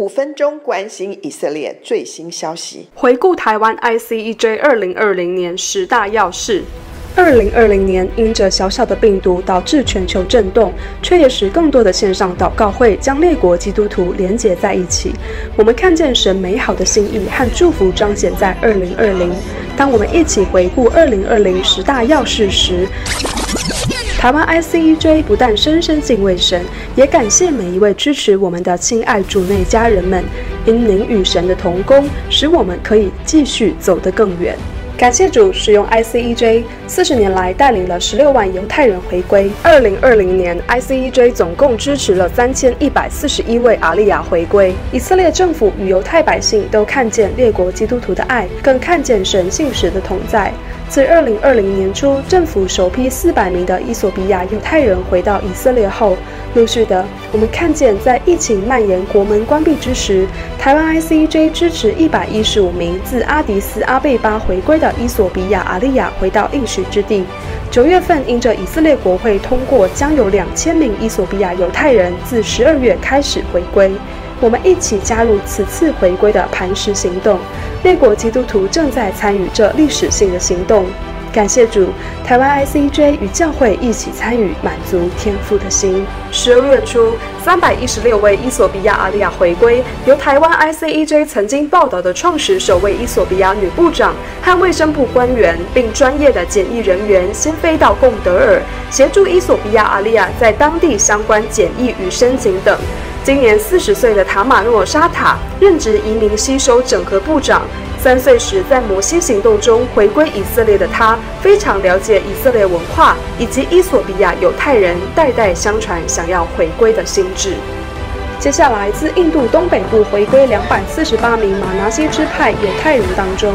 五分鐘關心以色列最新消息。回顧台灣 ICEJ 二零二零年十大要事。二零二零年因着小小的病毒導致全球震動，卻也使更多的線上禱告會將列國基督徒連結在一起。我們看見神美好的心意和祝福彰顯在二零二零。當我們一起回顧二零二零十大要事時。台灣 ICEJ 不但深深敬畏神，也感謝每一位支持我們的親愛主內家人們，因您與神的同工，使我們可以繼續走得更遠。感謝主使用 ICEJ 四十年來帶領了十六萬猶太人回歸。二零二零年，ICEJ 總共支持了三千一百四十一位阿利亞回歸。以色列政府與猶太百姓都看見列國基督徒的愛，更看見神信實的同在。自二零二零年初，政府首批四百名的衣索比亞猶太人回到以色列後，陸續的，我們看見在疫情蔓延、國門關閉之時，台灣 ICEJ 支持一百一十五名自阿迪斯阿貝巴回歸的衣索比亞阿利亞回到應許之地。九月份，因着以色列國會通過，將有兩千名衣索比亞猶太人自十二月開始回歸，我們一起加入此次回歸的磐石行動。列國基督徒正在參與這歷史性的行動，感謝主！台灣 ICEJ 與教會一起參與，滿足天父的心。十二月初，三百一十六位衣索比亞阿利亞回歸，由台灣 ICEJ 曾經報道的創始首位衣索比亞女部長和衛生部官員，並專業的檢疫人員先飛到貢德爾，協助衣索比亞阿利亞在當地相關檢疫與申請等。今年四十歲的塔瑪諾-莎塔任職移民吸收整合部長。三歲時在摩西行動中回歸以色列的她，非常了解以色列文化以及衣索比亞猶太人代代相傳想要回歸的心志。接下來，自印度東北部回歸兩百四十八名瑪拿西支派猶太人當中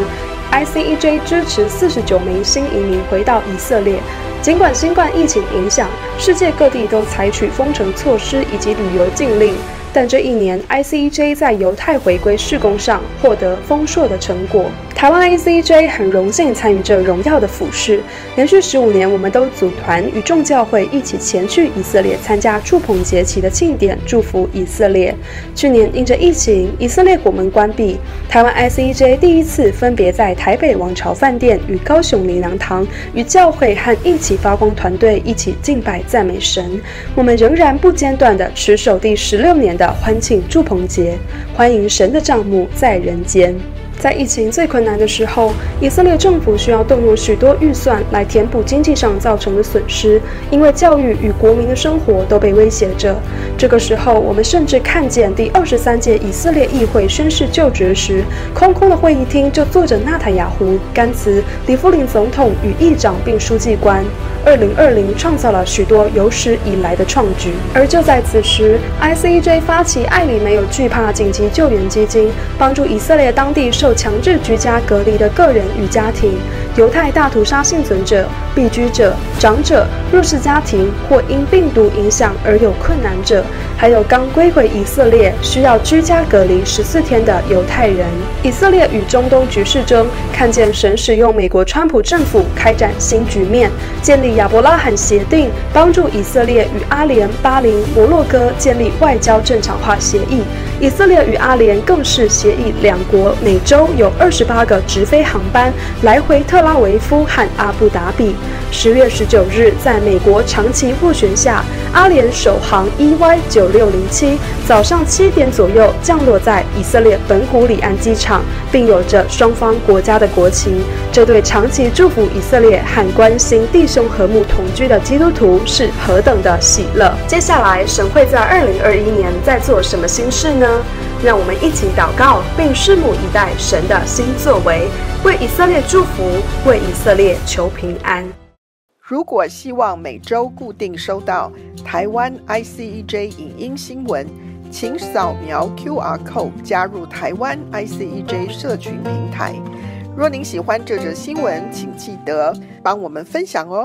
，ICEJ 支持四十九名新移民回到以色列。儘管新冠疫情影響，世界各地都採取封城措施以及旅遊禁令，但這一年，ICEJ 在猶太回歸事工上獲得豐碩的成果。台灣 ICEJ 很榮幸參與這榮耀的服事，連續十五年，我們都組團與眾教會一起前去以色列參加住棚節期的慶典，祝福以色列。去年因着疫情，以色列國門關閉，台灣 ICEJ 第一次分別在台北王朝飯店與高雄靈糧堂與教會和藝起發光團隊一起敬拜讚美神。我們仍然不間斷地持守第十六年的歡慶住棚節，歡迎神的帳幕在人間。在疫情最困難的時候，以色列政府需要動用許多預算來填補經濟上造成的損失，因為教育與國民的生活都被威脅着。這個時候，我們甚至看見第二十三屆以色列議會宣誓就職時，空空的會議廳就坐着納坦雅胡、甘茨、里夫林總統與議長並書記官。二零二零創造了許多有史以來的創舉，而就在此時，ICEJ 發起愛裡沒有懼怕緊急救援基金，幫助以色列當地受強制居家隔離的個人與家庭、猶太大屠殺幸存者、閉居者、長者、弱勢家庭或因病毒影響而有困難者。還有剛歸回以色列，需要居家隔離十四天的猶太人。以色列與中東局勢中，看見神使用美國川普政府開展新局面，建立亞伯拉罕協定，幫助以色列與阿聯、巴林、摩洛哥建立外交正常化協議。以色列與阿聯更是協議，兩國每週有二十八個直飛航班來回特拉維夫和阿布達比。十月十九日，在美國長期斡旋下，阿聯首航 EY 九六零七早上七點左右降落在以色列本古里安機場，並有着雙方國家的國旗。這對長期祝福以色列和關心弟兄和睦同居的基督徒是何等的喜樂！接下來，神會在二零二一年再做什麼新事呢？讓我們一起禱告，並拭目以待神的新作為，為以色列祝福，為以色列求平安。如果希望每周固定收到台灣 ICEJ 影音新聞，請掃描 QR code 加入台灣 ICEJ 社群平台。若您喜歡這則新聞，請記得幫我們分享哦。